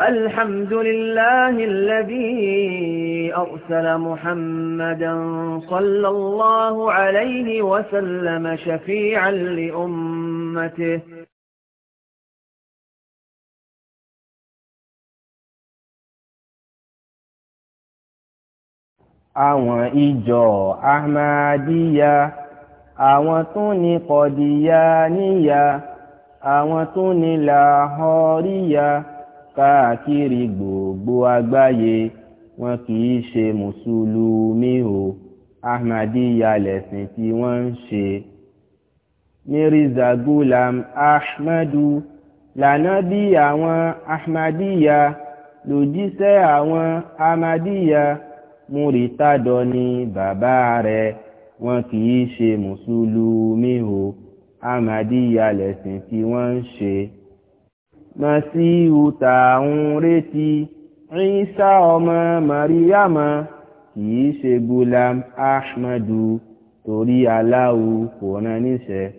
الحمد لله الذي أرسل محمدا صلى الله عليه وسلم شفيعا لأمته àwọn ìjọ ahmadiyya àwọn tó ní kọdíyà níyà àwọn tó ní làhọríyà káàkiri gbogbo àgbáyé wọn kì í ṣe mùsùlùmí o ahmadiyya lẹ̀sìn tí wọ́n ń ṣe. mirza gulam ahmadu lànábì àwọn ahmadiyya lòjíṣẹ́ àwọn ahmadiyya múritádọ́ ni bàbá rẹ̀ wọn kì í ṣe mùsùlùmí o ahmadiyya lẹ̀sìn tí wọ́n ń ṣe màsíhù tá à ń retí Ìsá ọmọ Màríyàmá kìí ṣe Gulam Ahmadu torí Allahu kò rán níṣẹ́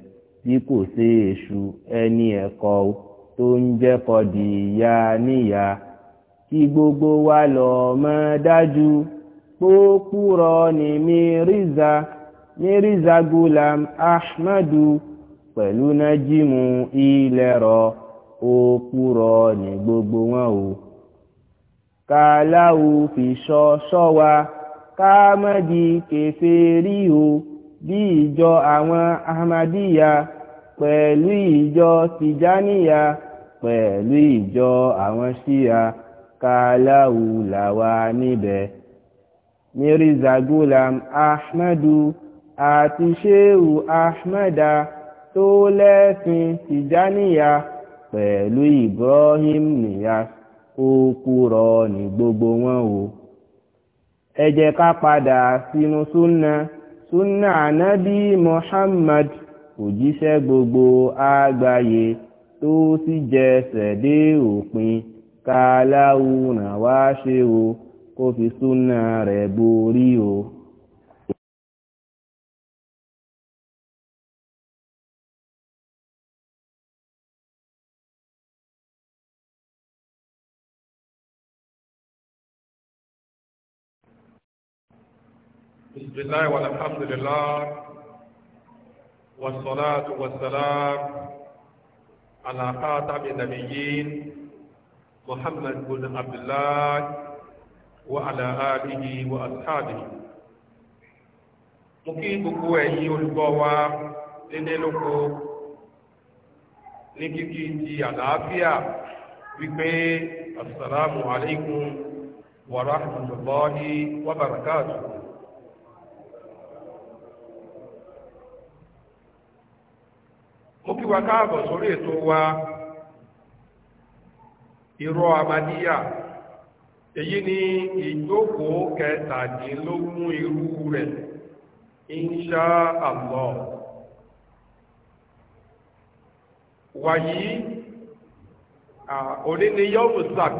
bí kò ṣe èṣù ẹni ẹ̀kọ́ tó ń jẹ́kọ̀ di ìyá níyà kí gbogbo wa lọ mọ̀ dájú pópúrọ̀ ni Mírízà Mírízà Gulam Ahmadu pẹ̀lú nájímù ilẹ̀ rọ̀ òpùrọ́ ní gbogbo wọn o kàláwù fi sọ sọ wa káàmọ́dì kèfèrí o bí ìjọ àwọn ahmadíyà pẹ̀lú ìjọ tìjáníyà pẹ̀lú ìjọ àwọn ṣíya kàláwù làwa níbẹ̀ mirza gulam ahmadu àti sheu ahmada tó lẹ́sìn tìjáníyà pẹ̀lú Ibrahim Niyas ó kúrọ ní gbogbo wọn o ẹ jẹ́ ká padà sínú súnà súnà ànábì Muhammad òjíṣẹ́ gbogbo àgbáyé tó sì jẹsẹ̀ dé òpin ká láwùrán wá ṣe o kó fi súnà rẹ̀ borí o. بسم الله والحمد لله والصلاة والسلام على خاتم النبيين محمد بن عبد الله وعلى آله وأصحابه mo kí gbogbo ẹ̀yin olùgbọ́ wa nílé lóko ní kíkí ti àlàáfíà wípé asalaamu wa rahmatulahi wa barakatuhu. wa káàbọ̀ sórí ètò wa irọ́ amadíyà èyí ni ìjókòó kẹtàdínlógún irú rẹ̀ insha Allah wàyí òní yọ́mù sàk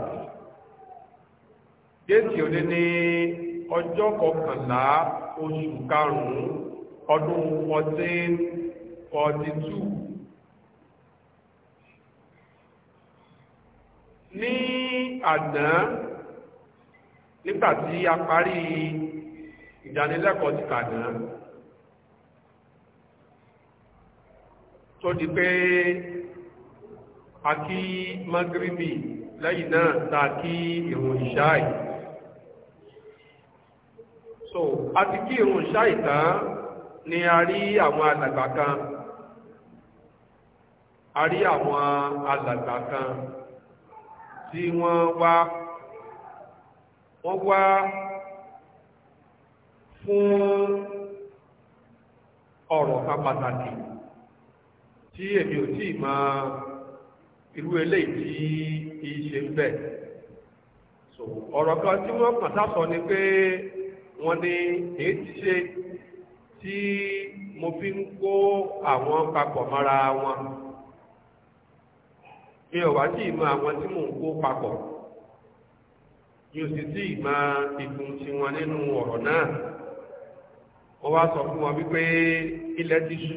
déètì òní ọjọ́ kọkànlá oṣù karùn-ún ọdún fourteen forty ní àná nígbà tí a parí ìdánilẹ́kọ̀ọ́ ti tàná tó di pé a kí magribi lẹ́yìn náà ta kí ìrun ìṣáì so a ti kí ìrun ìṣáì tán ni a rí àwọn alàgbà kan a rí àwọn alàgbà kan tí wọ́n wá ó wá fún ọ̀rọ̀ kan pàtàkì tí èmi ò tí ì máa irú eléyìí tí í ṣe ń bẹ̀. ọ̀rọ̀ kan tí wọ́n pàtà sọ ni pé wọ́n ní èyí ṣe tí mo fi ń kó àwọn papọ̀ mọ́ra wọn mi ò wá sí ìmọ̀ àwọn tí mò ń kó papọ̀ mi ò sì sí ìmọ̀ ìfun tiwọn nínú ọ̀rọ̀ náà wọ́n wá sọ fún wọn wípé ilẹ̀ ti ṣú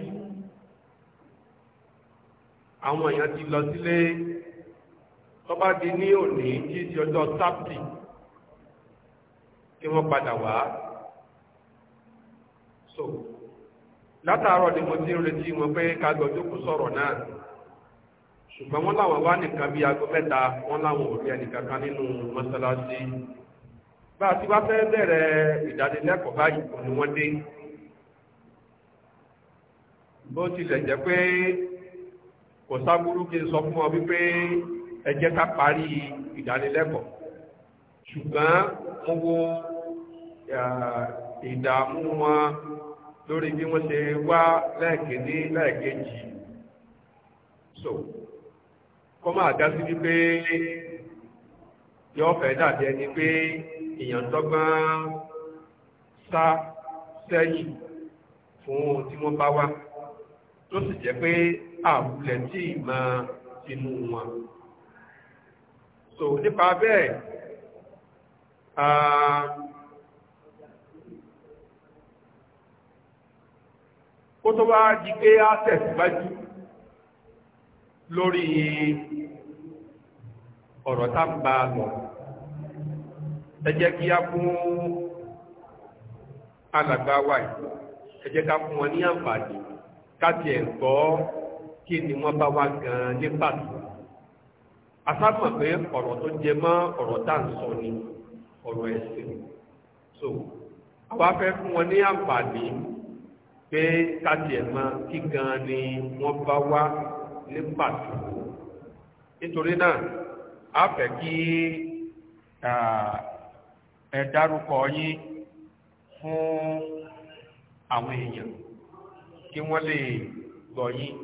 àwọn èèyàn ti lọ sílé tó di ní òní tí í ọjọ́ sábtì kí wọ́n padà wá so látàárọ̀ ni mo ti ń retí wọn pé ká gbọ́dọ̀ kú sọ̀rọ̀ náà ṣùgbọ́n wọ́n láwọn wá nìkan bí aago mẹ́ta wọ́n láwọn ò rí ẹnìkan kan nínú mọ́sálásí bá a ti wá fẹ́ bẹ̀rẹ̀ ìdánilẹ́kọ̀ọ́ báyìí kò ní wọ́n dé bó tilẹ̀ jẹ́ pé kò sábúrú kí n sọ fún ọ wípé ẹ jẹ́ ká parí ìdánilẹ́kọ̀ọ́ ṣùgbọ́n mo wo ìdààmú wọn lórí bí wọ́n ṣe wá lẹ́ẹ̀kejì lẹ́ẹ̀kejì so kọ́ máa dá sí wípé yọ fẹ́ dàbí ẹni pé èèyàn dọ́gbọ́n sá sẹ́yìn fún ohun tí wọ́n bá wá tó sì jẹ́ pé àwùlẹ̀ tí ìmọ̀ inú wọn so nípa bẹ́ẹ̀ kó tó wá di pé á tẹ̀síwájú lórí ọ̀rọ̀ tá ń bá lọ ẹ jẹ́ kí á fún alàgbà wa yìí ẹ jẹ́ ká fún wọn ní àǹfààní káti ẹ̀ kí ni wọ́n bá wá gan ní pàtó asámọ̀ pé ọ̀rọ̀ tó jẹ mọ́ ọ̀rọ̀ tá ń sọ ni ọ̀rọ̀ ẹ̀sìn so àwa fẹ́ fún wọn ní àǹfààní pé káti ẹ̀ kí gan ni wọ́n bá wá ní pàtó nítorí náà a fẹ́ kí ẹ dárúkọ yín fún àwọn èèyàn kí wọ́n lè gbọ́ yín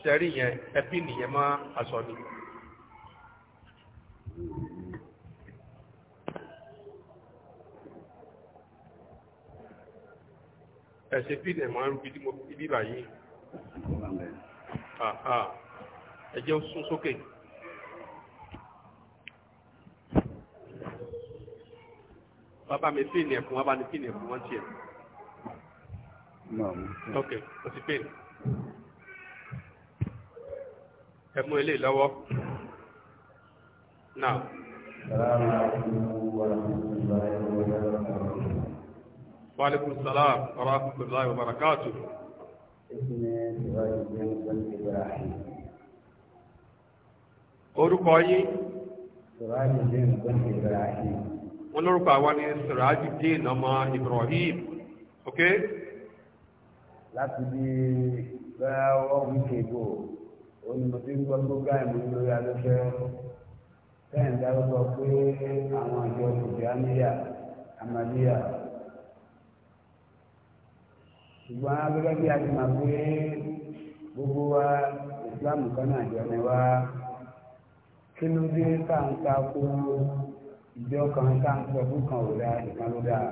sẹ́rí yẹn ẹbí nìyẹn mọ́ aṣọ ni. ẹ̀sìn pín ẹ̀ máa ń báyìí ẹ̀jẹ̀ sún sókè. bàbá mi pín ẹ̀kún bàbá mi pín ẹ̀kún wọ́n tiẹ̀. ok o ti pín. ẹ mú lọ́wọ́. now. Wa alaikum salaam wa rahmatullahi wa barakatuh. اسم سراج الدين بن إبراهيم orúkọ yín. siraji dín ọmọ ibrahim. wọn lórúkọ àwa ni siraji dín ọmọ ibrahim ok. láti bí bẹ́ẹ̀ wọ́n ń kébo onímọ̀tí ń gbọ́ tó gáàmù lórí afẹ́fẹ́ kẹ́hìn dárúkọ pé àwọn àjọ ìjọ amíyà amadíyà ṣùgbọ́n gẹ́gẹ́ bí a ti máa pé gbogbo wa ìsìláàmù kan náà jọ ni wá kí ló dé tá à ń ta kó ìjọ kan tá à ń sọ fún kan ò dáa ìkan ló dáa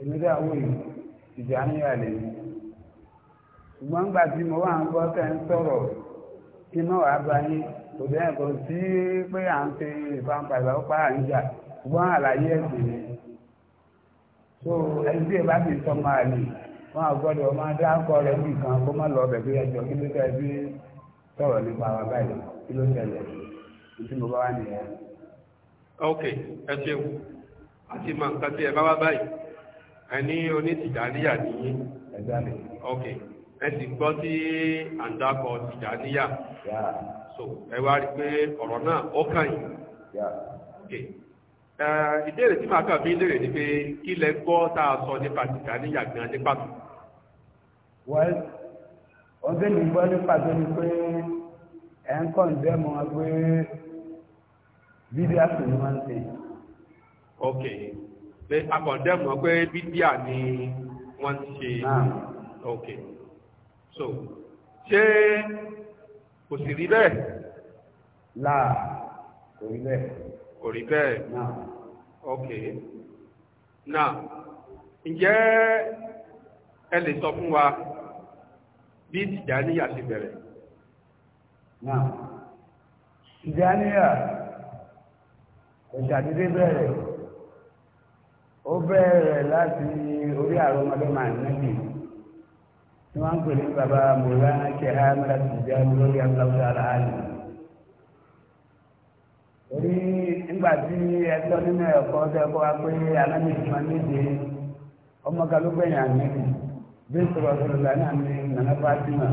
èmi dáa wò yìí ìjà ń yà lè ṣùgbọ́n gbà tí mo wà ń gbọ́ tẹ́ ń sọ̀rọ̀ kí náà wàá bá yín kò dẹ́yìn sí pé à ń ṣe ìfàǹfà ìbáwọ́pá à ṣùgbọ́n àlàyé ẹ̀sìn ni so ẹni tí ẹ bá ti sọ máa lè wọn àgbọ́dọ̀ máa dá ọkọ rẹ bí nǹkan kó má lọ bẹ̀rẹ̀ ẹjọ́ kí ló tẹ̀ bí sọ̀rọ̀ nípa wa báyìí kí ló ṣẹlẹ̀ tí mo bá wà nìyẹn. ok ẹ ṣeun àti máa nǹkan tí ẹ bá wá báyìí ẹ ní onítìjàníyà nìyí. ẹ jáde. ok ẹ sì gbọ́ sí àǹdàkọ tìjàníyà. so ẹ wá rí i pé ọ̀rọ̀ náà ó kàn yín. ok. Eh, ìbéèrè tí màá kàn fi léèrè ni pé kí lẹ gbọ́ tá a sọ nípa tìkà níyà gan ní pàtó. wọ́n ọgbẹ́ mi gbọ́ ní pàtó ni pé ẹ̀ ń kàn jẹ́ mọ́ wọn pé bídíà sì ni wọ́n ń ṣe. ok pé a kàn jẹ́ mọ́ pé bídíà ni wọ́n ń ṣe. ok so ṣé kò sì rí bẹ́ẹ̀. láà kò rí bẹ́ẹ̀. kò rí bẹ́ẹ̀. náà. ok now ǹjẹ́ ẹ lè sọ fún wa bí tìjàníyà ti bẹ̀rẹ̀ now tìjàníyà ìṣàdédé bẹ̀rẹ̀ ó bẹ̀rẹ̀ láti orí àrọ́mọdọ́mọ ànábì tí wọ́n ń pè ní baba mọ̀lá kẹ́hà mẹ́ta tìjàní lórí abúláwùsá aláàlú nígbà tí ẹgbẹ́ nínú ẹ̀kọ́ tẹ́kọ́ wa pé alámi ìfúnma méje ọmọ kan ló gbẹ̀yìn bí sọ̀rọ̀ lánàá àmì nana Fatima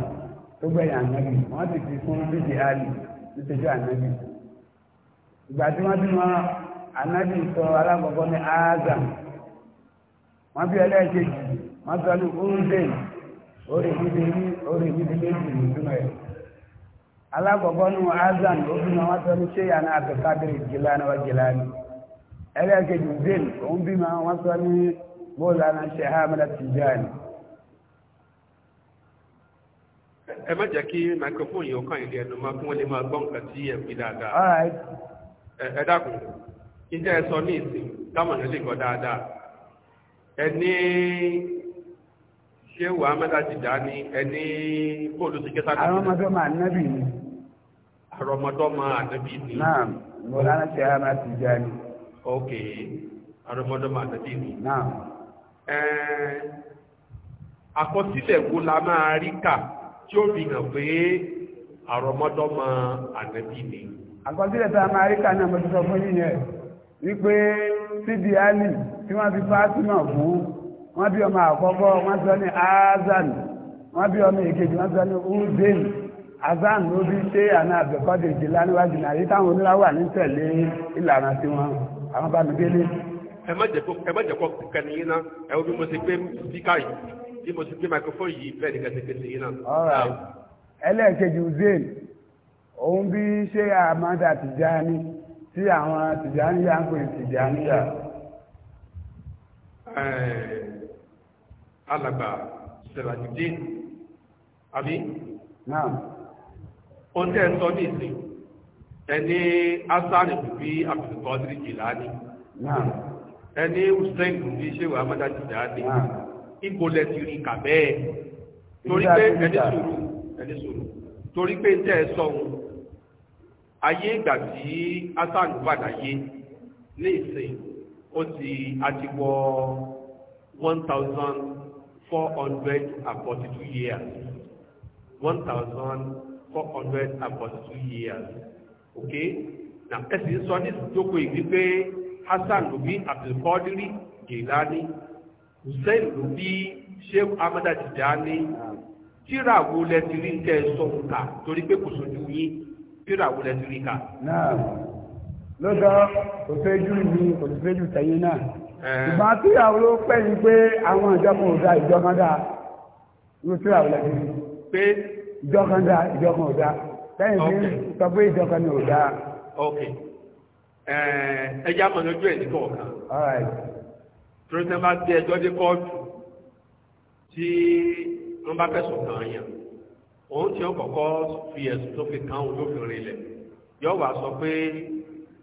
tó gbẹ̀yìn ànábì wọ́n ti fi fún méje àlì nítorí ànábì. ìgbà tí wọ́n ànábì sọ alákọ̀ọ́kọ́ ní wọ́n bí ẹlẹ́ẹ̀kejì wọ́n sọ ní oúnjẹ ẹ̀. alákọ̀ọ́kọ́ nù azan obìnrin wọn sọ ní ṣé yàrá àbẹ̀kádìrì jìlánà wa jìlánà ẹlẹ́ẹ̀kejì zin òun bí ma wọ́n sọ ní bóòlánà ṣe hàmìlá tìjáni ẹ má jẹ́ kí microphone yìí ọkàn ìdí ẹnu máa fún wọn lè máa gbọ́ nǹkan tí dáadáa ẹ dákun níta ní ìsìn táwọn èèyàn ṣé wà mẹ́ta ti dá ní ẹni bóòlù ti kẹta nìyí. àrọ́mọdọ́mọ ànábì ni. àrọ́mọdọ́mọ ànábì ni. ok àrọ́mọdọ́mọ ànábì ni. náà. ẹ̀ẹ́n àkọsílẹ̀ wo la máa rí kà tí ó fi hàn pé àrọ́mọdọ́mọ ànábì ni. àkọsílẹ̀ tá a máa rí kà ní àmọ́tò sọ fún yín yẹn wípé síbi ali tí wọ́n fi fásitì náà fún wọ́n bí ọmọ àkọ́kọ́ wọ́n sọ ní azan wọ́n bí ọmọ èkejì wọ́n sọ ní uzen azan ló bí ṣé àná àbẹ̀kọ́dé ìjìlá níwájú náà yìí táwọn oníláwọ̀ wà ní tẹ̀lé ìlànà tí wọ́n àwọn bá mi délé. ẹ má jẹ́ kó ẹ má jẹ́ kó kẹ́ni yín náà ẹ wo bí mo ṣe gbé spíkà yìí bí mo ṣe gbé microphone yìí bẹ́ẹ̀ ni kẹ́sẹ̀ kẹ́sẹ̀ yín náà. ẹlẹ́ẹ̀kejì uzen òun bí ṣé àmàdà tìjáni tí àwọn tìjáni yà ń pè alàgbà sẹ̀ràjìdín àbí náà ó tẹ́ ń sọ ní ìsìn ẹni asari bí abdulkadir jìláni ẹni hussein bí ṣéwà amada jìláni ipò lẹ́tì rí kà bẹ́ẹ̀ torí pé ẹni sùúrù ẹni sùúrù torí pé tẹ́ ẹ sọ ohun ayé ìgbà tí asari wà láyé ní ìsìn ó ti àtiwọ́ one thousand four hundred and forty-two years one thousand four hundred and forty-two years okay na ẹsì sọ ní ìjókòó yìí wípé Hasan lubi Abdulkadiri Jilani Hussein lubi Sheikh Amada Tijani tíra wo lẹ ti rí nǹkẹ́ sọ̀rọ̀ ká torí pé kò sojú yín tíra wo lẹ ti rí ká. náà lọ́dọ̀ kò fẹ́ jù tẹ̀yìn náà. Eh. ìgbà tí àwọn ló pẹ́ yí pé àwọn ìjọkan ọ̀dá ìjọkan dá ló tí àwọn lẹ́bí pé ìjọkan dá ìjọkan ọ̀dá tí sọ pé ìjọkan ni ok eh, ẹjá mọ̀ lójú ẹ̀ ní kọ̀ọ̀kan tó ní bá gbé ẹjọ́ dé kóòtù tí wọ́n bá fẹ̀sùn kàn yàn òun tí ó kọ́kọ́ fi ẹ̀sùn tó fi kàn òun lófin rinlẹ̀ yóò wá sọ pé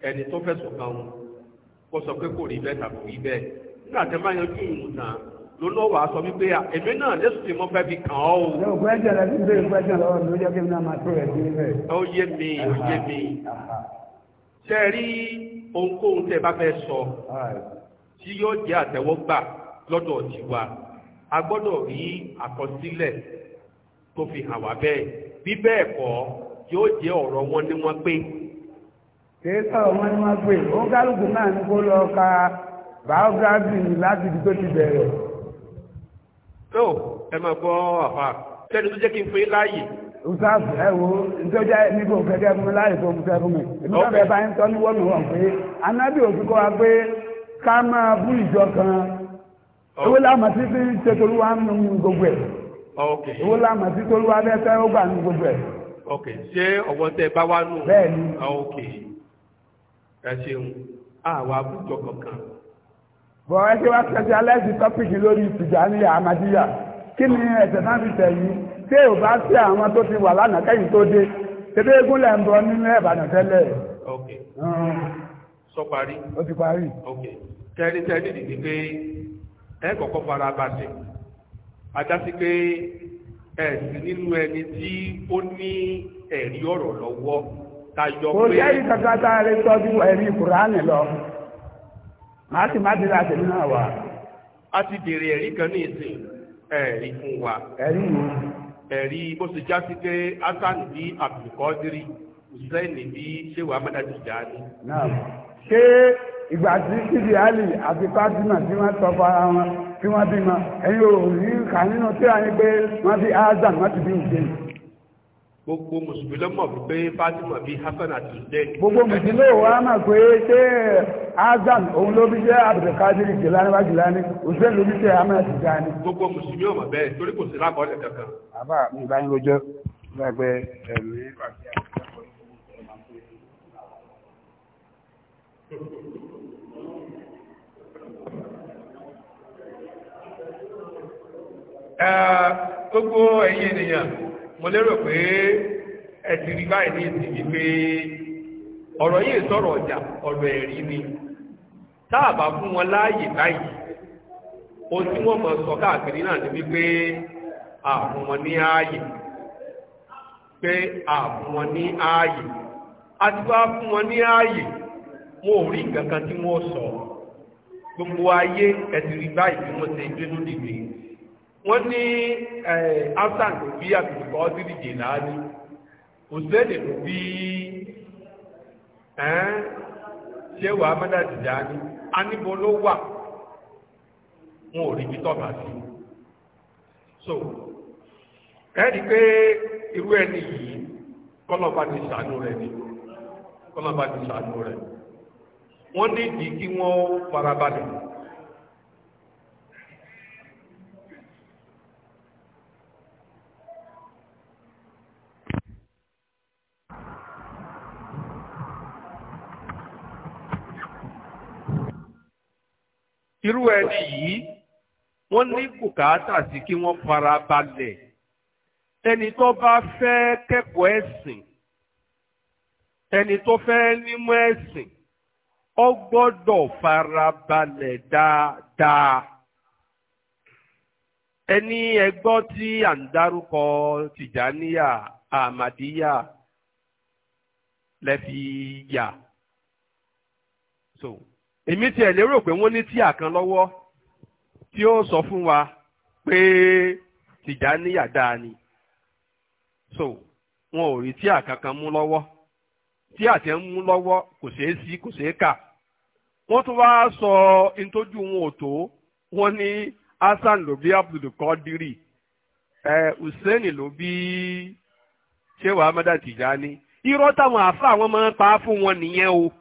ẹni tó fẹ̀sùn kàn òun kó sọ pé kò rí bẹ́ẹ̀ tàbí rí bẹ́ẹ̀ nígbà tẹ́ máa yanjú ìrùn tán ló lọ́ wàá sọ wípé èmi náà lẹ́sùn tí mo fẹ́ fi kàn ọ́ o. ẹ ò gbẹ́jọ́ rẹ ti bẹ́ẹ̀ gbẹ́jọ́ lọ́wọ́ mi ló jẹ́ kí n náà máa tó rẹ̀ ó yé mi ó yé mi ṣe rí ohunkóhun tẹ́ bá fẹ́ sọ tí yóò jẹ́ àtẹ́wọ́gbà lọ́dọ̀ tiwa a gbọ́dọ̀ rí àkọsílẹ̀ tó fi hàn wá bẹ́ẹ̀ bí bẹ́ẹ̀ kọ́ yóò jẹ́ ọ̀rọ̀ wọn ní wọ́n pé kìí sọ̀rọ̀ wọn ni wọ́n pè ó ń kálukú náà ní kó lọ ka biography láti ibi tó ti bẹ̀rẹ̀. tó ẹ máa gbọ́ àfa sẹ́ni tó jẹ́ kí n fún yín láàyè. usaf ẹ wo nítorí jẹ́ níbo kẹ́kẹ́ fún mi láàyè tó ń fẹ́ fún mi èmi náà bẹ́ẹ̀ bá ń tọ́ ní wọ́n mi pé anábì òfin kọ́ wa pé ká máa bú ìjọ kan owó láàmà tí tí ṣe tolúwa ń nu gbogbo ẹ̀ owó láàmà tí tolúwa bẹ́ẹ̀ fẹ́ ó gbà nu gbogbo ẹ̀. ṣé ọ̀wọ́ tẹ bá nù. bẹ́ẹ̀ ni. ẹ ṣeun àwọn àbújọ kankan. bọ̀ ẹ ṣe wá specialize tọ́pìkì lórí Tìjàníyà Ahmadiyya kí ni ẹ̀sẹ̀ náà fi tẹ̀ yìí tí ò bá sí àwọn tó ti wà lánàá kẹ́yìn tó dé tẹ́bí egún lẹ̀ ń bọ nínú ẹ̀bàdàn tẹ́lẹ̀. ok sọ parí. ó ti parí. ok tẹ́rí dìde pé ẹ kọ́kọ́ fara balẹ̀ adásí pé ẹ̀sìn nínú ẹni tí ó ní ẹ̀rí ọ̀rọ̀ lọ́wọ́. kájọ pé. kò sẹ́yìn kankan tá a lè tọ́jú ẹ̀rí kùránì lọ màá sì má ti ra tèmi náà wá. a ti dèrè ẹ̀rí kan ní ìsìn ẹ̀rí fún wa. ẹ̀rí wo. ẹ̀rí bó ṣe já sí pé hasan bí abdulkadiri hussein bí sehu amadu tijani. náà ṣé ìgbà tí síbi ali àti fatima tí wọ́n sọ fara wọn tí wọ́n bímọ ẹ̀yin ò rí kà nínú tí a ní pé wọ́n fi azan wọ́n ti bí hussein gbogbo mùsùlùmí ló mọ̀ pé fatima bíi hasan àti hussein. gbogbo mùsùlùmí ló wà máa pé ṣé azam òun ló bí jẹ́ abdulkadir jilani wa jilani hussein ló bí jẹ́ ahmed tijani. gbogbo mùsùlùmí ò mọ̀ bẹ́ẹ̀ torí kò sí lákọọ́lẹ̀ kankan. àbá mi ìbá yín lójọ́ lágbẹ́ ẹ̀rù yín pàṣẹ àti gbogbo ẹ̀yin ènìyàn mo lérò pé ẹ rí báyìí ní ìsìn wípé ọ̀rọ̀ yìí sọ̀rọ̀ ọjà ọ̀rọ̀ ẹ̀rí ni tá fún wọn láàyè báyìí o tí wọ́n mọ̀ sọ káàkiri náà ni wípé àfún wọn ní ààyè pé wọn ní ààyè a ti bá fún wọn ní ààyè wọn ò rí nǹkan kan tí wọ́n sọ gbogbo ayé rí báyìí wọ́n wọ́n ní after tó bí àtùtùkọ́ ọdún jìnnà ni òṣèlè tó bí ṣé ṣe wà jìjà a ló wà wọn ò so ẹ̀rí pé irú ẹni yìí kọ́lọ́ba ti ṣàánú rẹ̀ ni kọ́lọ́ba ti ṣàánú rẹ̀ wọ́n ní ìdí kí wọ́n farabalẹ̀. irú ẹni yìí wọ́n ní bùkátà sí kí wọ́n fara balẹ̀ ẹni tó bá fẹ́ kẹ́kọ̀ọ́ ẹ̀sìn ẹni tó fẹ́ nímọ̀ ẹ̀sìn ó gbọ́dọ̀ fara balẹ̀ dáadáa ẹni ẹgbọ́ tí à ń dárúkọ tìjàníyà àmàdíyà lẹ́fi so èmi tiẹ̀ lérò pé wọ́n ní tíà kan lọ́wọ́ tí ó sọ fún wa pé Tìjàníyà dáa ni so wọn ò rí tíà kankan mú lọ́wọ́ tíà tẹ́ ń mú lọ́wọ́ kò ṣeé sí kò ṣeé kà wọ́n tún wá sọ ntójú wọn ò tó wọ́n ní Hasan ló bí Abdulkadiri ẹ Hussein ló bí Shehu Ahmada Tìjàní irọ́ táwọn àfa àwọn máa ń pa fún wọn nìyẹn o.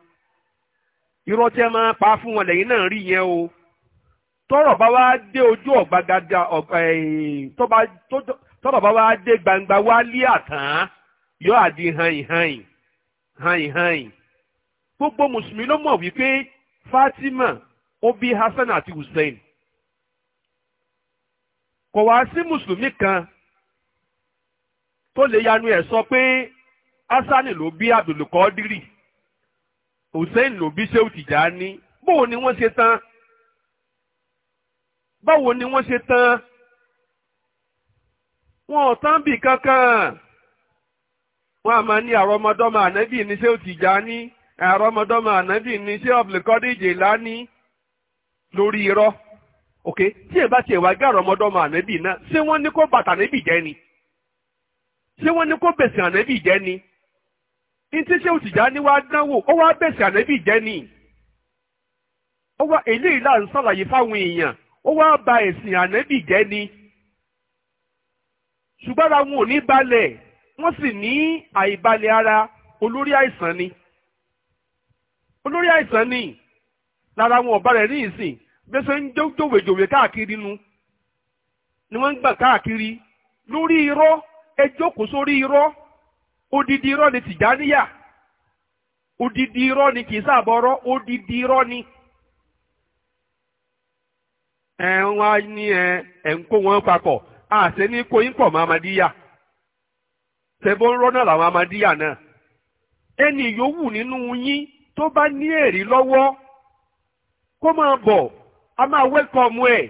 irọ́ tí ẹ máa pa fún wọn lẹ́yìn náà rí yẹn o tọ́rọ̀ bá wá dé ojú ọ̀gbagadà tọ́rọ̀ bá wá dé gbangba wá lé àtàn yọ àdí hàn hàn hàn gbogbo mùsùlùmí ló mọ wípé Fatima ó bí Hasan àti Hussein kò wá sí mùsùlùmí kan tó lè yanu ẹ̀ sọ pé Hasan ló bí Abdulkadiri. hussein lòbí ṣé òtìjà ní báwo ni wọ́n ṣe tán báwo ni wọ́n ṣe tán wọn ò tán bì kankan wọn a máa ní àrọmọdọ́mọ ànábì ní ṣé òtìjà ní àrọmọdọ́mọ ànábì ní ṣé ọ̀bùlẹ̀kọ́dé ìjèlá ní lórí irọ́ ok tí ẹ bá tiẹ̀ wá gé àrọmọdọ́mọ ànábì náà ṣé wọ́n ní kó bàtà ànábì jẹ́ ni ṣé wọ́n ní kó bẹ̀sìn ànábì jẹ́ ni. ntí ṣé òtìjà ni wàá dánwò ó wàá bẹ̀sẹ̀ ànẹ́bì jẹ́ ni ó wá eléyìí là ń sàlàyé fáwọn èèyàn ó wàá ba ẹ̀sìn ànẹ́bì jẹ́ ni ṣùgbọ́n ara wọn ò ní balẹ̀ wọ́n sì ní àìbalẹ̀ ara olórí àìsàn ni olórí àìsàn ni lára wọn ọ̀bá rẹ̀ ní ìsìn bí wọ́n ṣe ń jòwèjòwè káàkiri nu ni wọ́n ń gbà káàkiri lórí irọ́ sórí irọ́. odidi irọ́ ni tìjáníyà odidi irọ́ ni kì í sàbọ̀rọ̀ odidi irọ́ ni. ẹ wá ní ẹ ẹ ń kó wọn papọ̀ àṣẹ ní kó yín pọ̀ mọ́ amadíyà tẹ̀bọ̀ ń rọ́nà làwọn amadíyà náà ẹnì yòówù nínú yín tó bá ní ẹ̀rí lọ́wọ́ kó máa bọ̀ a máa wẹ́kọ̀mù ẹ̀.